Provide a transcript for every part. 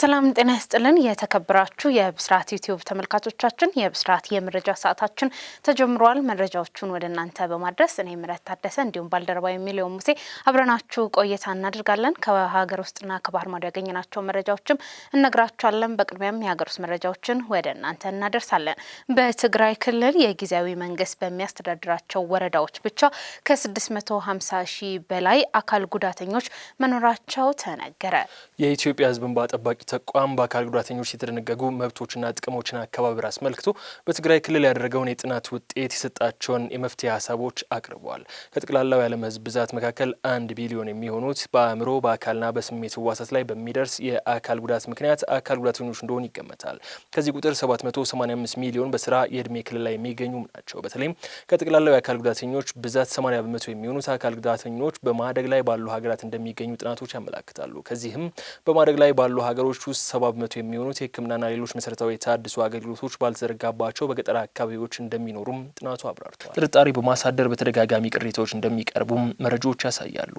ሰላም ጤና ይስጥልን። የተከበራችሁ የብስራት ዩቲዩብ ተመልካቾቻችን የብስራት የመረጃ ሰዓታችን ተጀምሯል። መረጃዎቹን ወደ እናንተ በማድረስ እኔ ምረት ታደሰ እንዲሁም ባልደረባ የሚሊዮን ሙሴ አብረናችሁ ቆይታ እናደርጋለን። ከሀገር ውስጥና ከባህር ማዶ ያገኘናቸው መረጃዎችም እነግራችኋለን። በቅድሚያም የሀገር ውስጥ መረጃዎችን ወደ እናንተ እናደርሳለን። በትግራይ ክልል የጊዜያዊ መንግስት በሚያስተዳድራቸው ወረዳዎች ብቻ ከ650 ሺህ በላይ አካል ጉዳተኞች መኖራቸው ተነገረ። የኢትዮጵያ ህዝብን እንባ ተቋም በአካል ጉዳተኞች የተደነገጉ መብቶችና ጥቅሞችን አከባበር አስመልክቶ በትግራይ ክልል ያደረገውን የጥናት ውጤት የሰጣቸውን የመፍትሄ ሀሳቦች አቅርበዋል። ከጠቅላላው የዓለም ሕዝብ ብዛት መካከል አንድ ቢሊዮን የሚሆኑት በአእምሮ በአካልና በስሜት ህዋሳት ላይ በሚደርስ የአካል ጉዳት ምክንያት አካል ጉዳተኞች እንደሆኑ ይገመታል። ከዚህ ቁጥር 785 ሚሊዮን በስራ የእድሜ ክልል ላይ የሚገኙም ናቸው። በተለይም ከጠቅላላው የአካል ጉዳተኞች ብዛት 80 በመቶ የሚሆኑት አካል ጉዳተኞች በማደግ ላይ ባሉ ሀገራት እንደሚገኙ ጥናቶች ያመላክታሉ። ከዚህም በማደግ ላይ ባሉ ሀገሮች ክልሎች ውስጥ ሰባ በመቶ የሚሆኑት የሕክምናና ሌሎች መሰረታዊ የተሃድሶ አገልግሎቶች ባልተዘረጋባቸው በገጠር አካባቢዎች እንደሚኖሩም ጥናቱ አብራርተዋል። ጥርጣሬ በማሳደር በተደጋጋሚ ቅሬታዎች እንደሚቀርቡም መረጃዎች ያሳያሉ።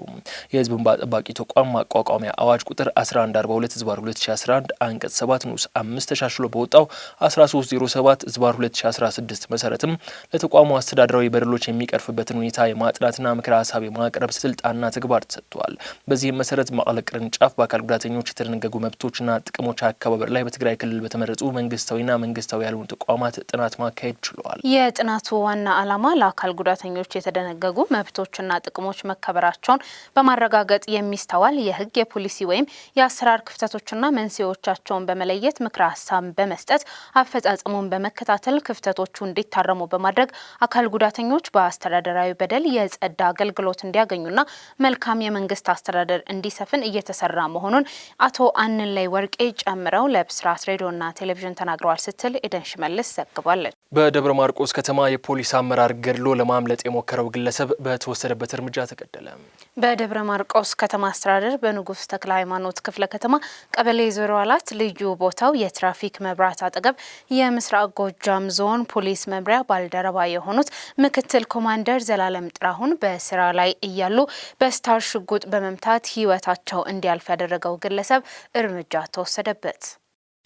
የህዝብ እንባ ጠባቂ ተቋም ማቋቋሚያ አዋጅ ቁጥር 1142 ዝባር 2011 አንቀጽ 7 ንዑስ 5 ተሻሽሎ በወጣው 1307 ዝባር 2016 መሰረትም ለተቋሙ አስተዳደራዊ በደሎች የሚቀርፍበትን ሁኔታ የማጥናትና ምክረ ሀሳብ የማቅረብ ስልጣንና ተግባር ተሰጥቷል። በዚህም መሰረት መቀለ ቅርንጫፍ በአካል ጉዳተኞች የተደነገጉ መብቶችና ጥቅምና ጥቅሞች አከባበር ላይ በትግራይ ክልል በተመረጡ መንግስታዊና መንግስታዊ ያልሆኑ ተቋማት ጥናት ማካሄድ ችሏል። የጥናቱ ዋና ዓላማ ለአካል ጉዳተኞች የተደነገጉ መብቶችና ጥቅሞች መከበራቸውን በማረጋገጥ የሚስተዋል የህግ የፖሊሲ ወይም የአሰራር ክፍተቶችና መንስኤዎቻቸውን በመለየት ምክረ ሀሳብ በመስጠት አፈጻጸሙን በመከታተል ክፍተቶቹ እንዲታረሙ በማድረግ አካል ጉዳተኞች በአስተዳደራዊ በደል የጸዳ አገልግሎት እንዲያገኙና መልካም የመንግስት አስተዳደር እንዲሰፍን እየተሰራ መሆኑን አቶ አንን ላይ ወርቄ ጨምረው ለብስራት ሬዲዮና ቴሌቪዥን ተናግረዋል ስትል ኤደን ሽመልስ ዘግባለች። በደብረ ማርቆስ ከተማ የፖሊስ አመራር ገድሎ ለማምለጥ የሞከረው ግለሰብ በተወሰደበት እርምጃ ተገደለ። በደብረ ማርቆስ ከተማ አስተዳደር በንጉሥ ተክለ ሃይማኖት ክፍለ ከተማ ቀበሌ ዞሮ አላት ልዩ ቦታው የትራፊክ መብራት አጠገብ የምስራቅ ጎጃም ዞን ፖሊስ መምሪያ ባልደረባ የሆኑት ምክትል ኮማንደር ዘላለም ጥራሁን በስራ ላይ እያሉ በስታር ሽጉጥ በመምታት ሕይወታቸው እንዲያልፍ ያደረገው ግለሰብ እርምጃ ተወሰደበት።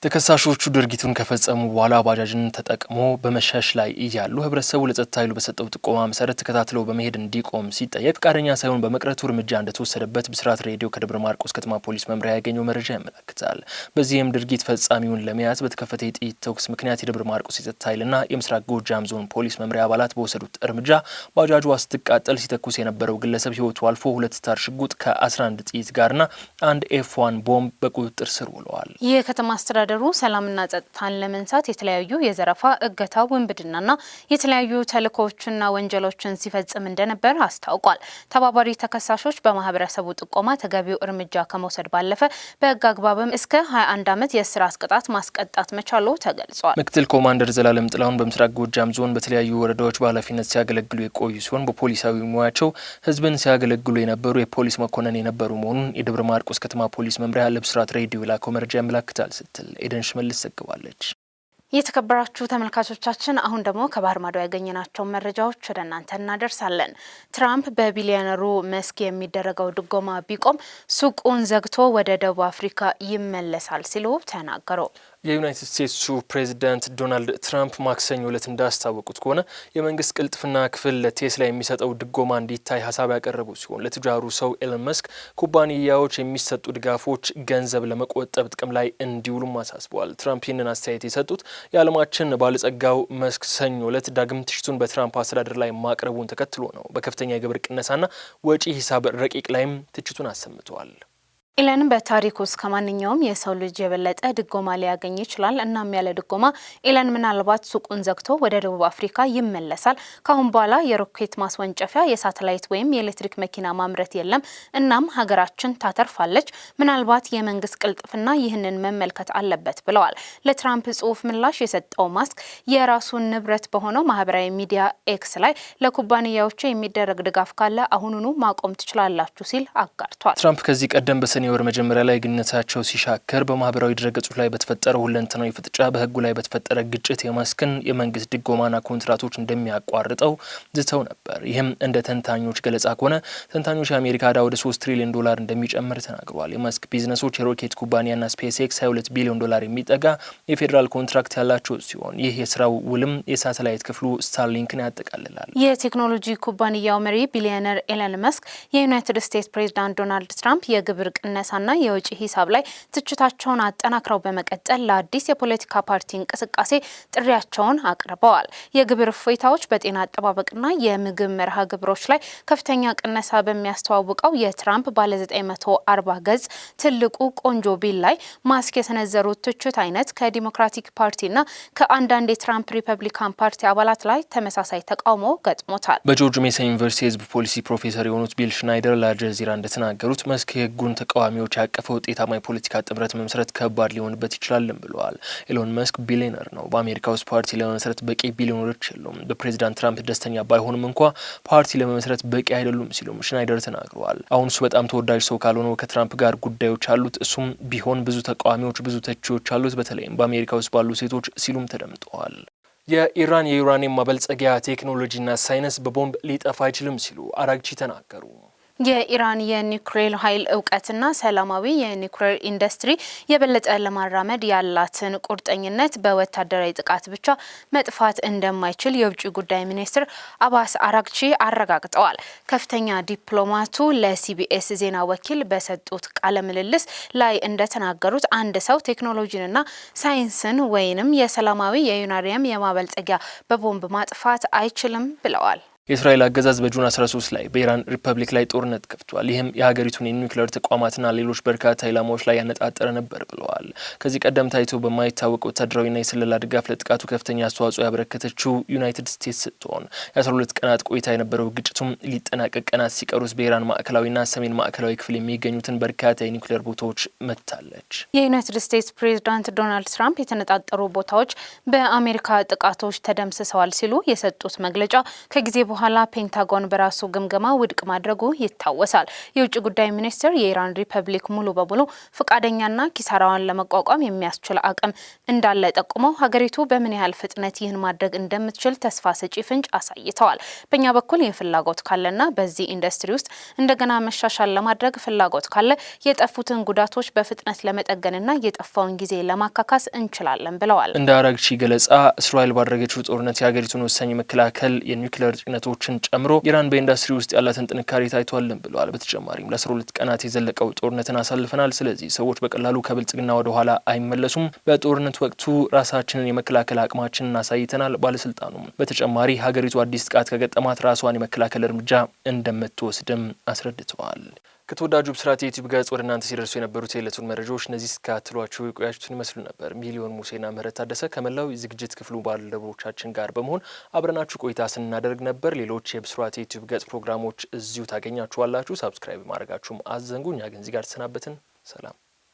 ተከሳሾቹ ድርጊቱን ከፈጸሙ በኋላ ባጃጅን ተጠቅሞ በመሸሽ ላይ እያሉ ህብረተሰቡ ለጸጥታ ኃይሉ በሰጠው ጥቆማ መሰረት ተከታትለው በመሄድ እንዲቆም ሲጠየቅ ፈቃደኛ ሳይሆን በመቅረቱ እርምጃ እንደተወሰደበት ብስራት ሬዲዮ ከደብረ ማርቆስ ከተማ ፖሊስ መምሪያ ያገኘው መረጃ ያመለክታል። በዚህም ድርጊት ፈጻሚውን ለመያዝ በተከፈተ የጥይት ተኩስ ምክንያት የደብረ ማርቆስ የጸጥታ ኃይልና የምስራቅ ጎጃም ዞን ፖሊስ መምሪያ አባላት በወሰዱት እርምጃ ባጃጇ ስትቃጠል ሲተኩስ የነበረው ግለሰብ ህይወቱ አልፎ ሁለት ታር ሽጉጥ ከ11 ጥይት ጋርና አንድ ኤፍ ዋን ቦምብ በቁጥጥር ስር ውለዋል። አስተዳደሩ ሰላምና ጸጥታን ለመንሳት የተለያዩ የዘረፋ እገታ፣ ውንብድናና የተለያዩ ተልእኮዎችና ወንጀሎችን ሲፈጽም እንደነበር አስታውቋል። ተባባሪ ተከሳሾች በማህበረሰቡ ጥቆማ ተገቢው እርምጃ ከመውሰድ ባለፈ በህግ አግባብም እስከ 21 ዓመት የእስራት ቅጣት ማስቀጣት መቻሉ ተገልጿል። ምክትል ኮማንደር ዘላለም ጥላሁን በምስራቅ ጎጃም ዞን በተለያዩ ወረዳዎች በኃላፊነት ሲያገለግሉ የቆዩ ሲሆን በፖሊሳዊ ሙያቸው ህዝብን ሲያገለግሉ የነበሩ የፖሊስ መኮንን የነበሩ መሆኑን የደብረ ማርቆስ ከተማ ፖሊስ መምሪያ ለብስራት ሬዲዮ ላከው መረጃ ያመላክታል ስትል ኤደን ሽመልስ ዘግባለች። የተከበራችሁ ተመልካቾቻችን አሁን ደግሞ ከባህር ማዶ ያገኘናቸውን መረጃዎች ወደ እናንተ እናደርሳለን። ትራምፕ በቢሊዮነሩ መስክ የሚደረገው ድጎማ ቢቆም ሱቁን ዘግቶ ወደ ደቡብ አፍሪካ ይመለሳል ሲሉ ተናገሩ። የዩናይትድ ስቴትሱ ፕሬዚዳንት ዶናልድ ትራምፕ ማክሰኞ ዕለት እንዳስታወቁት ከሆነ የመንግስት ቅልጥፍና ክፍል ለቴስላ የሚሰጠው ድጎማ እንዲታይ ሀሳብ ያቀረቡ ሲሆን ለትጃሩ ሰው ኤለን መስክ ኩባንያዎች የሚሰጡ ድጋፎች ገንዘብ ለመቆጠብ ጥቅም ላይ እንዲውሉም አሳስበዋል። ትራምፕ ይህንን አስተያየት የሰጡት የዓለማችን ባለጸጋው መስክ ሰኞ ዕለት ዳግም ትችቱን በትራምፕ አስተዳደር ላይ ማቅረቡን ተከትሎ ነው። በከፍተኛ የግብር ቅነሳና ወጪ ሂሳብ ረቂቅ ላይም ትችቱን አሰምተዋል። ኤለን በታሪክ ውስጥ ከማንኛውም የሰው ልጅ የበለጠ ድጎማ ሊያገኝ ይችላል። እናም ያለ ድጎማ ኤለን ምናልባት ሱቁን ዘግቶ ወደ ደቡብ አፍሪካ ይመለሳል። ካሁን በኋላ የሮኬት ማስወንጨፊያ፣ የሳተላይት ወይም የኤሌክትሪክ መኪና ማምረት የለም። እናም ሀገራችን ታተርፋለች። ምናልባት የመንግስት ቅልጥፍና ይህንን መመልከት አለበት ብለዋል። ለትራምፕ ጽሁፍ ምላሽ የሰጠው ማስክ የራሱን ንብረት በሆነው ማህበራዊ ሚዲያ ኤክስ ላይ ለኩባንያዎቹ የሚደረግ ድጋፍ ካለ አሁኑኑ ማቆም ትችላላችሁ ሲል አጋርቷል። ትራምፕ ከዚህ ቀደም ቀን ወር መጀመሪያ ላይ ግንኙነታቸው ሲሻከር በማህበራዊ ድረገጾች ላይ በተፈጠረ ሁለንተናዊ ፍጥጫ በህጉ ላይ በተፈጠረ ግጭት የመስክን የመንግስት ድጎማና ኮንትራቶች እንደሚያቋርጠው ዝተው ነበር። ይህም እንደ ተንታኞች ገለጻ ከሆነ ተንታኞች የአሜሪካ ዕዳ ወደ 3 ትሪሊዮን ዶላር እንደሚጨምር ተናግሯል። የመስክ ቢዝነሶች የሮኬት ኩባንያና ስፔስ ኤክስ 22 ቢሊዮን ዶላር የሚጠጋ የፌዴራል ኮንትራክት ያላቸው ሲሆን ይህ የስራው ውልም የሳተላይት ክፍሉ ስታርሊንክን ያጠቃልላል። የቴክኖሎጂ ኩባንያው መሪ ቢሊዮነር ኤለን መስክ የዩናይትድ ስቴትስ ፕሬዚዳንት ዶናልድ ትራምፕ የግብር ቅ ቅነሳና የውጪ ሂሳብ ላይ ትችታቸውን አጠናክረው በመቀጠል ለአዲስ የፖለቲካ ፓርቲ እንቅስቃሴ ጥሪያቸውን አቅርበዋል። የግብር እፎይታዎች በጤና አጠባበቅና የምግብ መርሃ ግብሮች ላይ ከፍተኛ ቅነሳ በሚያስተዋውቀው የትራምፕ ባለ 940 ገጽ ትልቁ ቆንጆ ቢል ላይ ማስክ የሰነዘሩት ትችት አይነት ከዲሞክራቲክ ፓርቲና ከአንዳንድ የትራምፕ ሪፐብሊካን ፓርቲ አባላት ላይ ተመሳሳይ ተቃውሞ ገጥሞታል። በጆርጅ ሜሰን ዩኒቨርሲቲ የህዝብ ፖሊሲ ፕሮፌሰር የሆኑት ቢል ሽናይደር ለአልጀዚራ እንደተናገሩት መስክ የህጉን ተቃዋሚ ተቃዋሚዎች ያቀፈ ውጤታማ የፖለቲካ ጥምረት መመስረት ከባድ ሊሆንበት ይችላልም ብለዋል። ኢሎን መስክ ቢሊዮነር ነው። በአሜሪካ ውስጥ ፓርቲ ለመመስረት በቂ ቢሊዮነሮች የሉም። በፕሬዚዳንት ትራምፕ ደስተኛ ባይሆንም እንኳ ፓርቲ ለመመስረት በቂ አይደሉም ሲሉም ሽናይደር ተናግረዋል። አሁን እሱ በጣም ተወዳጅ ሰው ካልሆነው ከትራምፕ ጋር ጉዳዮች አሉት። እሱም ቢሆን ብዙ ተቃዋሚዎች፣ ብዙ ተቺዎች አሉት፣ በተለይም በአሜሪካ ውስጥ ባሉ ሴቶች ሲሉም ተደምጠዋል። የኢራን የዩራኒየም ማበልጸጊያ ቴክኖሎጂና ሳይንስ በቦምብ ሊጠፋ አይችልም ሲሉ አራግቺ ተናገሩ። የኢራን የኒውክሌር ኃይል እውቀትና ሰላማዊ የኒውክሌር ኢንዱስትሪ የበለጠ ለማራመድ ያላትን ቁርጠኝነት በወታደራዊ ጥቃት ብቻ መጥፋት እንደማይችል የውጭ ጉዳይ ሚኒስትር አባስ አራግቺ አረጋግጠዋል። ከፍተኛ ዲፕሎማቱ ለሲቢኤስ ዜና ወኪል በሰጡት ቃለ ምልልስ ላይ እንደተናገሩት አንድ ሰው ቴክኖሎጂንና ሳይንስን ወይንም የሰላማዊ የዩናሪየም የማበልጸጊያ በቦምብ ማጥፋት አይችልም ብለዋል። የእስራኤል አገዛዝ በጁን 13 ላይ በኢራን ሪፐብሊክ ላይ ጦርነት ከፍቷል። ይህም የሀገሪቱን የኒውክሌር ተቋማትና ሌሎች በርካታ ኢላማዎች ላይ ያነጣጠረ ነበር ብለዋል። ከዚህ ቀደም ታይቶ በማይታወቅ ወታደራዊና የስለላ ድጋፍ ለጥቃቱ ከፍተኛ አስተዋጽኦ ያበረከተችው ዩናይትድ ስቴትስ ስትሆን የ12 ቀናት ቆይታ የነበረው ግጭቱም ሊጠናቀቅ ቀናት ሲቀሩት በኢራን ማዕከላዊና ሰሜን ማዕከላዊ ክፍል የሚገኙትን በርካታ የኒውክሌር ቦታዎች መታለች። የዩናይትድ ስቴትስ ፕሬዚዳንት ዶናልድ ትራምፕ የተነጣጠሩ ቦታዎች በአሜሪካ ጥቃቶች ተደምስሰዋል ሲሉ የሰጡት መግለጫ ከጊዜ በኋላ ፔንታጎን በራሱ ግምገማ ውድቅ ማድረጉ ይታወሳል። የውጭ ጉዳይ ሚኒስቴር የኢራን ሪፐብሊክ ሙሉ በሙሉ ፈቃደኛና ኪሳራዋን ለመቋቋም የሚያስችል አቅም እንዳለ ጠቁመው ሀገሪቱ በምን ያህል ፍጥነት ይህን ማድረግ እንደምትችል ተስፋ ሰጪ ፍንጭ አሳይተዋል። በእኛ በኩል ይህ ፍላጎት ካለና በዚህ ኢንዱስትሪ ውስጥ እንደገና መሻሻል ለማድረግ ፍላጎት ካለ የጠፉትን ጉዳቶች በፍጥነት ለመጠገንና የጠፋውን ጊዜ ለማካካስ እንችላለን ብለዋል። እንደ አራግቺ ገለጻ እስራኤል ባደረገችው ጦርነት የሀገሪቱን ወሳኝ መከላከል የኒውክሌር ጭነት ጥቃቶችን ጨምሮ ኢራን በኢንዱስትሪ ውስጥ ያላትን ጥንካሬ ታይቷልን ብለዋል። በተጨማሪም ለ12 ቀናት የዘለቀው ጦርነትን አሳልፈናል። ስለዚህ ሰዎች በቀላሉ ከብልጽግና ወደ ኋላ አይመለሱም። በጦርነት ወቅቱ ራሳችንን የመከላከል አቅማችንን አሳይተናል። ባለስልጣኑም በተጨማሪ ሀገሪቱ አዲስ ጥቃት ከገጠማት ራሷን የመከላከል እርምጃ እንደምትወስድም አስረድተዋል። ከተወዳጁ ብስራት የዩቲዩብ ገጽ ወደ እናንተ ሲደርሱ የነበሩት የዕለቱን መረጃዎች እነዚህ እስካትሏቸው የቆያችሁትን ይመስሉ ነበር። ሚሊዮን ሙሴና ምህረት ታደሰ ከመላው ዝግጅት ክፍሉ ባልደረቦቻችን ጋር በመሆን አብረናችሁ ቆይታ ስናደርግ ነበር። ሌሎች የብስራት የዩቲዩብ ገጽ ፕሮግራሞች እዚሁ ታገኛችኋላችሁ። ሳብስክራይብ ማድረጋችሁም አዘንጉ። እኛ ግን እዚህ ጋር ተሰናበትን። ሰላም